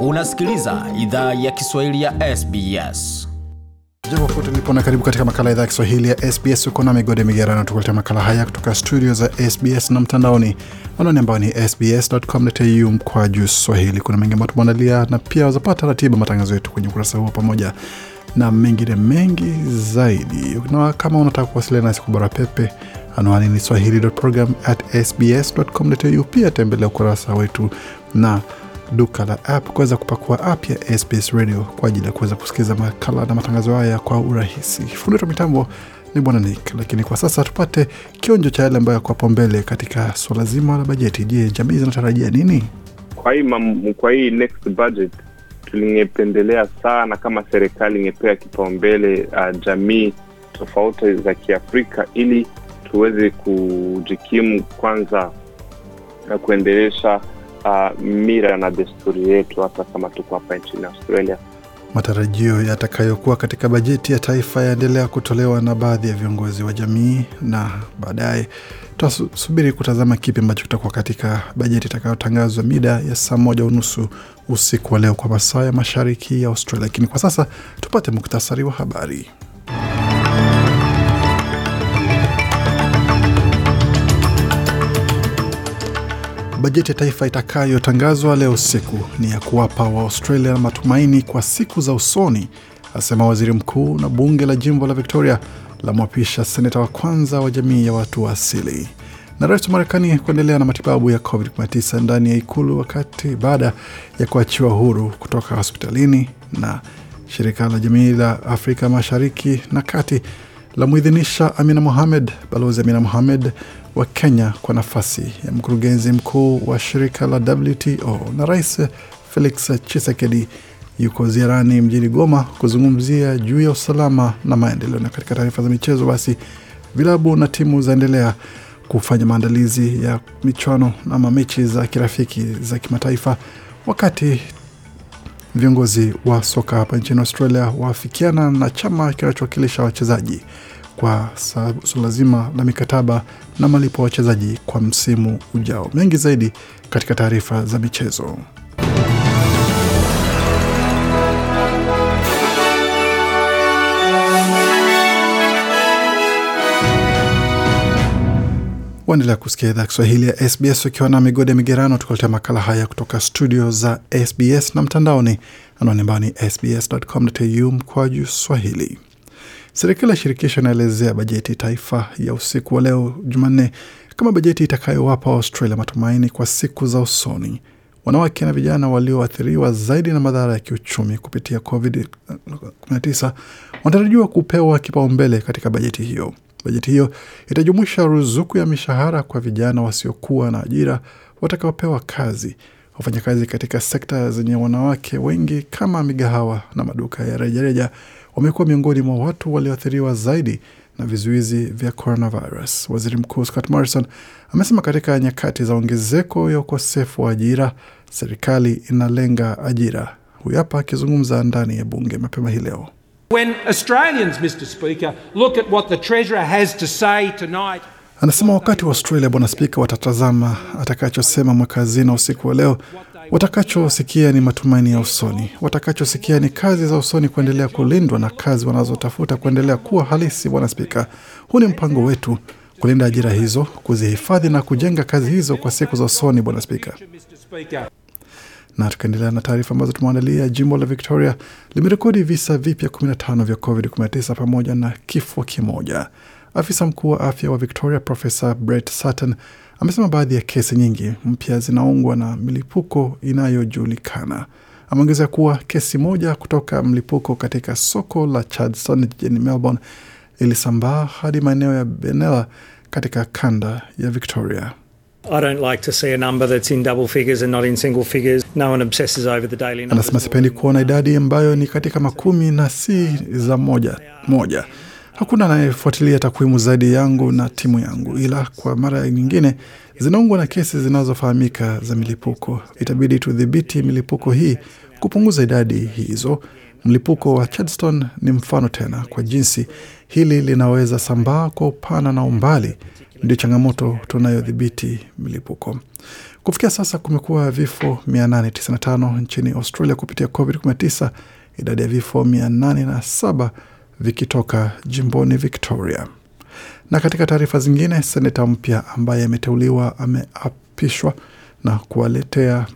Unasikiliza idhaa ya Kiswahili ya SBS. Jambo ulipo na karibu katika makala idhaa ya Kiswahili ya SBS. Uko na migode migerano, tukuletea makala haya kutoka studio za SBS na mtandaoni, anwani ambayo ni sbs.com.au mkwa juu swahili. Kuna mengi ambayo tumeandalia, na pia wazapata ratiba matangazo yetu kwenye ukurasa huo pamoja na mengine mengi zaidi. Na kama unataka kuwasiliana nasi kwa barua pepe, anwani ni swahili.program@sbs.com.au. Pia tembelea ukurasa wetu na duka la app kuweza kupakua app ya SBS Radio kwa ajili ya kuweza kusikiliza makala na matangazo haya kwa urahisi. Fundi wetu mitambo ni bwana Nick, lakini kwa sasa tupate kionjo cha yale ambayo yako hapo mbele katika suala zima la bajeti. Je, jamii zinatarajia nini kwa hii, mam, kwa hii next budget? Tulingependelea sana kama serikali ingepea kipaumbele uh, jamii tofauti za Kiafrika ili tuweze kujikimu kwanza na kuendelesha uh, mira na desturi yetu, hata kama tuko hapa nchini Australia. Matarajio yatakayokuwa katika bajeti ya taifa yaendelea kutolewa na baadhi ya viongozi wa jamii, na baadaye tutasubiri kutazama kipi ambacho kitakuwa katika bajeti itakayotangazwa mida ya saa moja unusu usiku wa leo kwa masaa ya mashariki ya Australia. Lakini kwa sasa tupate muktasari wa habari. Bajeti ya taifa itakayotangazwa leo usiku ni ya kuwapa Waaustralia matumaini kwa siku za usoni, asema waziri mkuu, na bunge la jimbo la Victoria la mwapisha seneta wa kwanza wa jamii ya watu wa asili. Na rais wa Marekani kuendelea na matibabu ya COVID-19 ndani ya ikulu wakati baada ya kuachiwa huru kutoka hospitalini. Na shirika la jamii la Afrika mashariki na kati la Amina Mohamed, Balozi Amina Mohamed wa Kenya kwa nafasi ya mkurugenzi mkuu wa shirika la WTO, na Rais Felix chisekedi yuko ziarani mjini Goma kuzungumzia juu ya usalama na maendeleo. Na katika taarifa za michezo, basi vilabu na timu zaendelea kufanya maandalizi ya michuano ama mechi za kirafiki za kimataifa, wakati Viongozi wa soka hapa nchini Australia waafikiana na chama kinachowakilisha wachezaji kwa suala zima la mikataba na malipo ya wachezaji kwa msimu ujao. Mengi zaidi katika taarifa za michezo. Waendelea kusikia idhaa Kiswahili ya SBS ukiwa na migode migerano, tukuletea makala haya kutoka studio za SBS na mtandaoni, anwani ambayo ni sbs.com.au mkwaju swahili. Serikali ya shirikisho inaelezea bajeti taifa ya usiku wa leo Jumanne kama bajeti itakayowapa Australia matumaini kwa siku za usoni. Wanawake na vijana walioathiriwa zaidi na madhara ya kiuchumi kupitia COVID-19 wanatarajiwa kupewa kipaumbele katika bajeti hiyo. Bajeti hiyo itajumuisha ruzuku ya mishahara kwa vijana wasiokuwa na ajira watakaopewa kazi, wafanyakazi katika sekta zenye wanawake wengi kama migahawa na maduka ya rejareja wamekuwa miongoni mwa watu walioathiriwa zaidi na vizuizi vya coronavirus. Waziri Mkuu Scott Morrison amesema katika nyakati za ongezeko ya ukosefu wa ajira, serikali inalenga ajira. Huyu hapa akizungumza ndani ya bunge mapema hii leo. When Australians, Mr Speaker, look at what the Treasurer has to say tonight. Anasema wakati wa Australia, Bwana Spika, watatazama atakachosema mweka hazina usiku wa leo. Watakachosikia ni matumaini ya usoni, watakachosikia ni kazi za usoni kuendelea kulindwa na kazi wanazotafuta kuendelea kuwa halisi. Bwana Spika, huu ni mpango wetu kulinda ajira hizo, kuzihifadhi na kujenga kazi hizo kwa siku za usoni. Bwana Spika. Na tukaendelea na taarifa ambazo tumeandalia. Jimbo la Victoria limerekodi visa vipya 15 vya COVID-19 pamoja na kifo kimoja. Afisa mkuu wa afya wa Victoria Profesa Brett Sutton amesema baadhi ya kesi nyingi mpya zinaungwa na milipuko inayojulikana. Ameongeza kuwa kesi moja kutoka mlipuko katika soko la Chadstone jijini Melbourne ilisambaa hadi maeneo ya Benela katika kanda ya Victoria. Anasema sipendi kuona idadi ambayo ni katika makumi na si za moja moja. Hakuna anayefuatilia takwimu zaidi yangu na timu yangu, ila kwa mara nyingine zinaungwa na kesi zinazofahamika za milipuko. Itabidi tudhibiti milipuko hii, kupunguza idadi hizo. Mlipuko wa Chadston ni mfano tena kwa jinsi hili linaweza sambaa kwa upana na umbali ndio changamoto tunayodhibiti mlipuko Kufikia sasa kumekuwa vifo 895 nchini Australia kupitia COVID-19, idadi ya vifo 807 vikitoka jimboni Victoria. Na katika taarifa zingine, seneta mpya ambaye ameteuliwa ameapishwa na kuwaletea,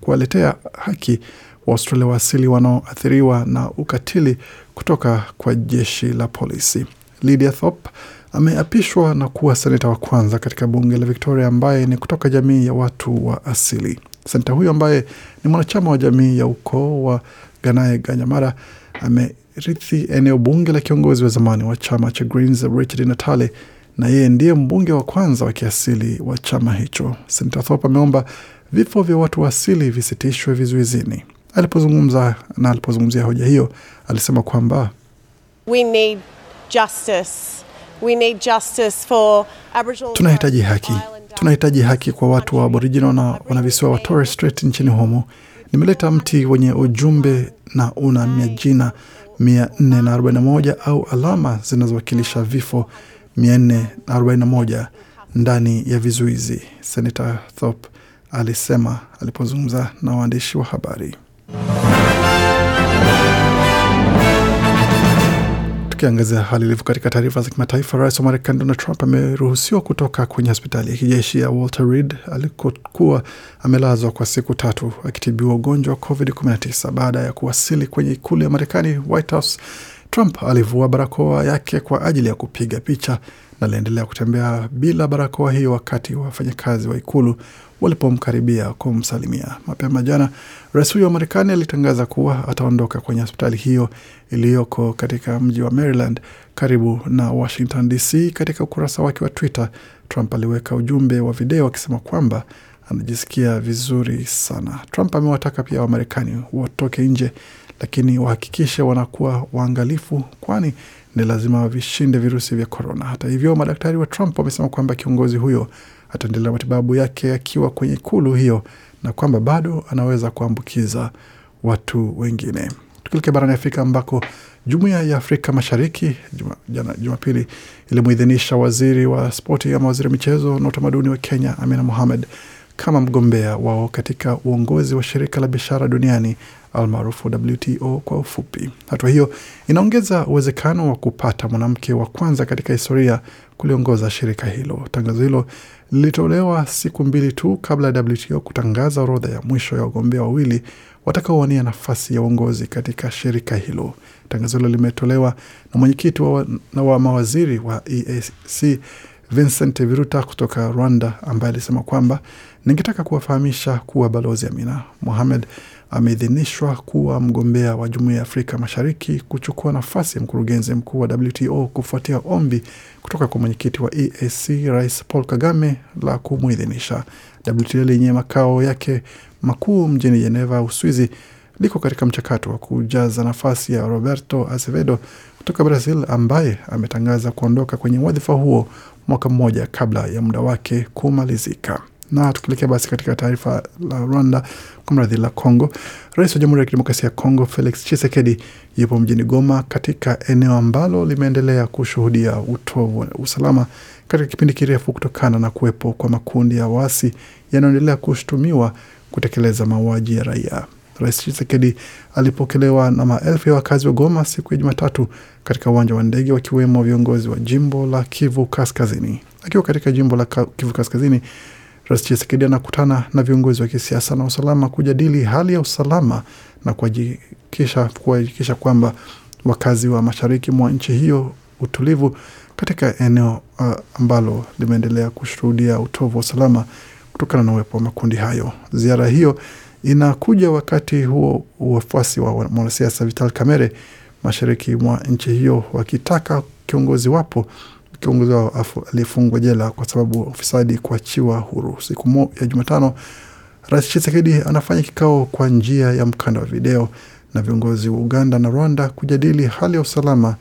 kuwaletea haki Waaustralia wa asili wanaoathiriwa na ukatili kutoka kwa jeshi la polisi. Lydia Thorpe ameapishwa na kuwa seneta wa kwanza katika bunge la Victoria ambaye ni kutoka jamii ya watu wa asili. Seneta huyo ambaye ni mwanachama wa jamii ya ukoo wa Ganae Ganyamara amerithi eneo bunge la kiongozi wa zamani wa chama cha Greens Richard Natale, na yeye ndiye mbunge wa kwanza wa kiasili wa chama hicho. Seneta Thorpe ameomba vifo vya watu wa asili visitishwe vizuizini. Alipozungumza na alipozungumzia hoja hiyo, alisema kwamba We need justice Tunahitaji haki, tunahitaji haki kwa watu wa Aboriginal na wanavisiwa wa Torres Strait nchini humo. Nimeleta mti wenye ujumbe na una majina 441 au alama zinazowakilisha vifo 441 ndani ya vizuizi, Senata Thorpe alisema alipozungumza na waandishi wa habari. Tukiangazia hali ilivyo katika taarifa za kimataifa, rais wa Marekani Donald Trump ameruhusiwa kutoka kwenye hospitali ya kijeshi ya Walter Reed alikokuwa amelazwa kwa siku tatu akitibiwa ugonjwa wa COVID-19 baada ya kuwasili kwenye ikulu ya Marekani, White House. Trump alivua barakoa yake kwa ajili ya kupiga picha na aliendelea kutembea bila barakoa hiyo wakati wafanyakazi wa ikulu walipomkaribia kumsalimia. Mapema jana, rais huyo wa Marekani alitangaza kuwa ataondoka kwenye hospitali hiyo iliyoko katika mji wa Maryland karibu na Washington DC. Katika ukurasa wake wa Twitter, Trump aliweka ujumbe wa video akisema kwamba anajisikia vizuri sana. Trump amewataka pia Wamarekani watoke nje, lakini wahakikishe wanakuwa waangalifu, kwani ni lazima vishinde virusi vya korona. Hata hivyo, madaktari wa Trump wamesema kwamba kiongozi huyo ataendelea matibabu yake akiwa kwenye ikulu hiyo na kwamba bado anaweza kuambukiza watu wengine. Tukilekea barani Afrika ambako jumuiya ya Afrika Mashariki jana Jumapili ilimuidhinisha waziri wa spoti ama waziri wa michezo na utamaduni wa Kenya Amina Mohamed kama mgombea wao katika uongozi wa shirika la biashara duniani almaarufu WTO kwa ufupi. Hatua hiyo inaongeza uwezekano wa kupata mwanamke wa kwanza katika historia kuliongoza shirika hilo. Tangazo hilo lilitolewa siku mbili tu kabla ya WTO kutangaza orodha ya mwisho ya wagombea wawili watakaowania nafasi ya uongozi katika shirika hilo. Tangazo hilo limetolewa na mwenyekiti wa, wa mawaziri wa EAC Vincent viruta kutoka Rwanda, ambaye alisema kwamba ningetaka kuwafahamisha kuwa Balozi Amina Mohamed ameidhinishwa kuwa mgombea wa Jumuiya ya Afrika Mashariki kuchukua nafasi ya mkurugenzi mkuu wa WTO kufuatia ombi kutoka kwa mwenyekiti wa EAC Rais Paul Kagame la kumwidhinisha. WTO lenye makao yake makuu mjini Jeneva, Uswizi, liko katika mchakato wa kujaza nafasi ya Roberto Acevedo kutoka Brazil ambaye ametangaza kuondoka kwenye wadhifa huo mwaka mmoja kabla ya muda wake kumalizika. Na tukielekea basi katika taarifa la Rwanda, kwa mradhi la Congo, rais wa Jamhuri ya Kidemokrasia ya Kongo Felix chisekedi yupo mjini Goma, katika eneo ambalo limeendelea kushuhudia utovu wa usalama katika kipindi kirefu kutokana na kuwepo kwa makundi ya waasi yanayoendelea kushutumiwa kutekeleza mauaji ya raia. Rais chisekedi alipokelewa na maelfu ya wakazi wa Goma siku ya Jumatatu katika uwanja wa ndege, wakiwemo viongozi wa jimbo la Kivu Kaskazini. Akiwa katika jimbo la Kivu Kaskazini, Rais Chisekedi anakutana na viongozi wa kisiasa na usalama kujadili hali ya usalama na kuhakikisha kwamba wakazi wa mashariki mwa nchi hiyo utulivu katika eneo uh, ambalo limeendelea kushuhudia utovu wa usalama kutokana na uwepo wa makundi hayo. Ziara hiyo inakuja wakati huo wafuasi wa mwanasiasa Vital Kamerhe mashariki mwa nchi hiyo wakitaka kiongozi wapo kiongozi wao aliyefungwa jela kwa sababu ufisadi kuachiwa huru. Siku ya Jumatano, Rais chisekedi anafanya kikao kwa njia ya mkanda wa video na viongozi wa Uganda na Rwanda kujadili hali ya usalama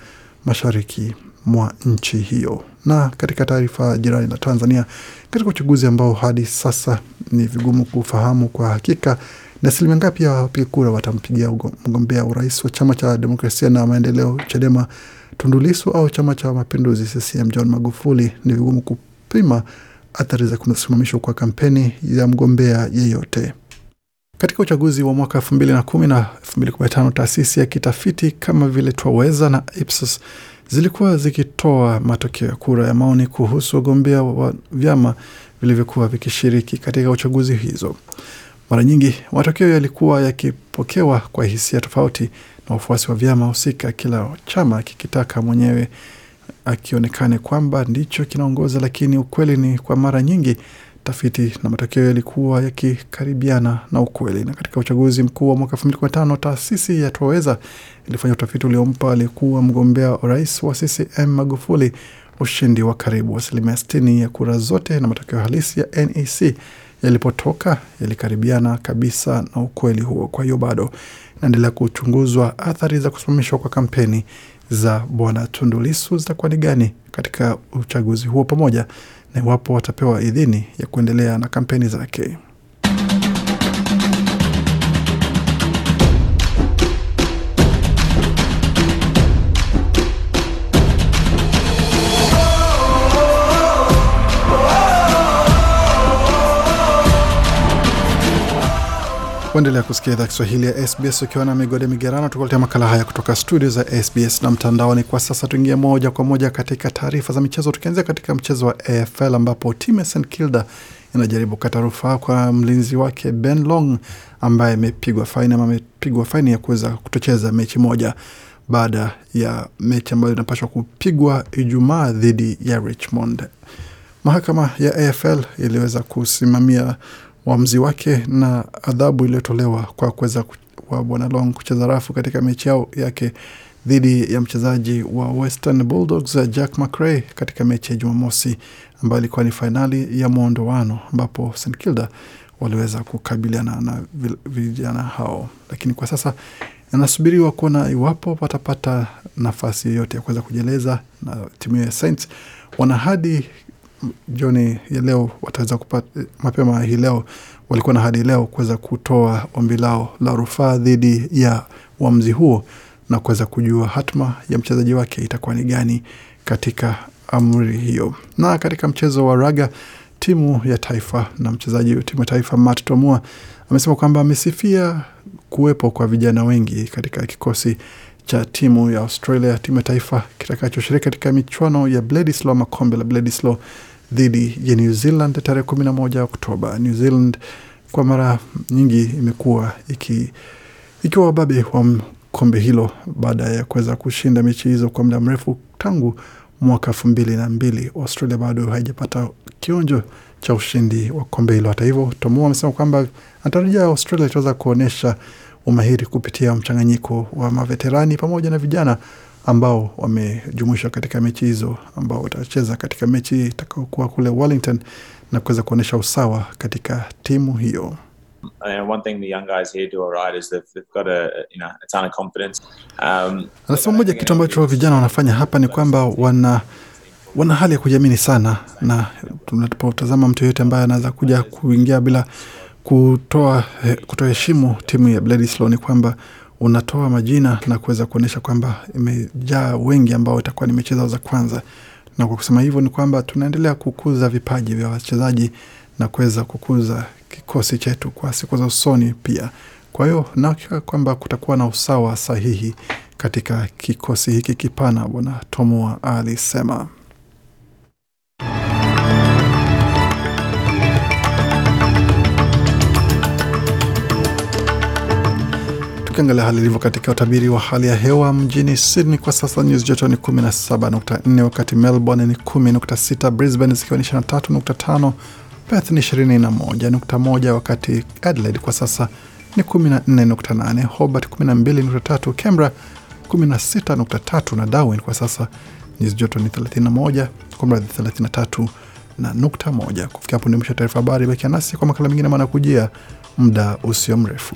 mashariki mwa nchi hiyo. Na katika taarifa jirani na Tanzania, katika uchaguzi ambao hadi sasa ni vigumu kufahamu kwa hakika ni asilimia ngapi ya wapiga kura watampigia mgombea urais wa chama cha demokrasia na maendeleo Chadema tundulisu au chama cha mapinduzi CCM John Magufuli, ni vigumu kupima athari za kusimamishwa kwa kampeni ya mgombea yeyote. Katika uchaguzi wa mwaka 2010 na 2015, taasisi ya kitafiti kama vile Twaweza na Ipsos zilikuwa zikitoa matokeo ya kura ya maoni kuhusu wagombea wa vyama vilivyokuwa vikishiriki katika uchaguzi hizo. Mara nyingi matokeo yalikuwa yakipokewa kwa hisia tofauti na wafuasi wa vyama husika, kila chama kikitaka mwenyewe akionekane kwamba ndicho kinaongoza, lakini ukweli ni kwa mara nyingi tafiti na matokeo yalikuwa yakikaribiana na ukweli. Na katika uchaguzi mkuu wa mwaka 2015 taasisi ya Twaweza ilifanya utafiti uliompa aliyekuwa mgombea rais wa CCM Magufuli ushindi wa karibu asilimia 60 ya kura zote, na matokeo halisi ya NEC yalipotoka yalikaribiana kabisa na ukweli huo. Kwa hiyo bado inaendelea kuchunguzwa athari za kusimamishwa kwa kampeni za Bwana Tundu Lissu zitakuwa ni gani katika uchaguzi huo pamoja na iwapo watapewa idhini ya kuendelea na kampeni zake. Kuendelea kusikia idhaa Kiswahili ya SBS ukiwa na migode migerano, tukuletea makala haya kutoka studio za SBS na mtandaoni. Kwa sasa tuingie moja kwa moja katika taarifa za michezo, tukianzia katika mchezo wa AFL ambapo timu ya St Kilda inajaribu kukata rufaa kwa mlinzi wake Ben Long ambaye amepigwa faini ama amepigwa faini ya kuweza kutocheza mechi moja baada ya mechi ambayo inapashwa kupigwa Ijumaa dhidi ya Richmond. Mahakama ya AFL iliweza kusimamia uamuzi wake na adhabu iliyotolewa kwa kuweza kwa Bwana Long kucheza rafu katika mechi yao yake dhidi ya mchezaji wa Western Bulldogs Jack McRae katika mechi ya Jumamosi ambayo ilikuwa ni fainali ya mwondoano ambapo St Kilda waliweza kukabiliana na vijana hao, lakini kwa sasa anasubiriwa kuona iwapo watapata nafasi yoyote ya kuweza kujieleza, na timu ya Saints wana hadi jioni ya leo wataweza kupata mapema hii leo walikuwa na hadi leo kuweza kutoa ombi lao la rufaa dhidi ya uamuzi huo na kuweza kujua hatma ya mchezaji wake itakuwa ni gani katika amri hiyo. Na katika mchezo wa raga, timu ya taifa na mchezaji wa timu ya taifa Matt Tomua amesema kwamba amesifia kuwepo kwa vijana wengi katika kikosi cha timu ya Australia, timu ya taifa kitakachoshiriki katika michuano ya Bledisloe ama kombe la Bledisloe dhidi ya New Zealand tarehe moja Oktoba. New Zealand kwa mara nyingi imekuwa iki, ikiwa wababe wa kombe hilo baada ya kuweza kushinda mechi hizo kwa muda mrefu tangu mwaka elfu mbili na mbili. Australia bado haijapata kionjo cha ushindi wa kombe hilo. Hata hivyo, Tomo amesema kwamba anatarajia Australia itaweza kuonyesha umahiri kupitia mchanganyiko wa maveterani pamoja na vijana ambao wamejumuishwa katika mechi hizo ambao watacheza katika mechi itakaokuwa kule Wellington na kuweza kuonyesha usawa katika timu hiyo. Anasema um, moja kitu ambacho vijana wanafanya hapa ni kwamba wana wana hali ya kujiamini sana, na tunapotazama mtu yeyote ambaye anaweza kuja kuingia bila kutoa eh, kutoheshimu timu ya Bledisloe ni kwamba unatoa majina na kuweza kuonyesha kwamba imejaa wengi ambao itakuwa ni mechi zao za kwanza, na kwa kusema hivyo ni kwamba tunaendelea kukuza vipaji vya wachezaji na kuweza kukuza kikosi chetu kwa siku za usoni pia. Kwa hiyo nahakika kwamba kutakuwa na usawa sahihi katika kikosi hiki kipana, Bwana Tomoa alisema. Tukiangalia hali ilivyo katika utabiri wa hali ya hewa mjini Sydney kwa sasa nyuzi joto ni 17.4, wakati Melbourne ni 10.6, Brisbane zikiwa ni 23.5, Perth ni 21.1, wakati Adelaide kwa sasa ni 14.8, Hobart 12.3, Canberra 16.3 na Darwin kwa sasa nyuzi joto ni 31 kwa mradhi 33 na nukta moja. Kufikia hapo ndio mwisho taarifa habari. Bakia nasi kwa makala mengine kujia muda usio mrefu.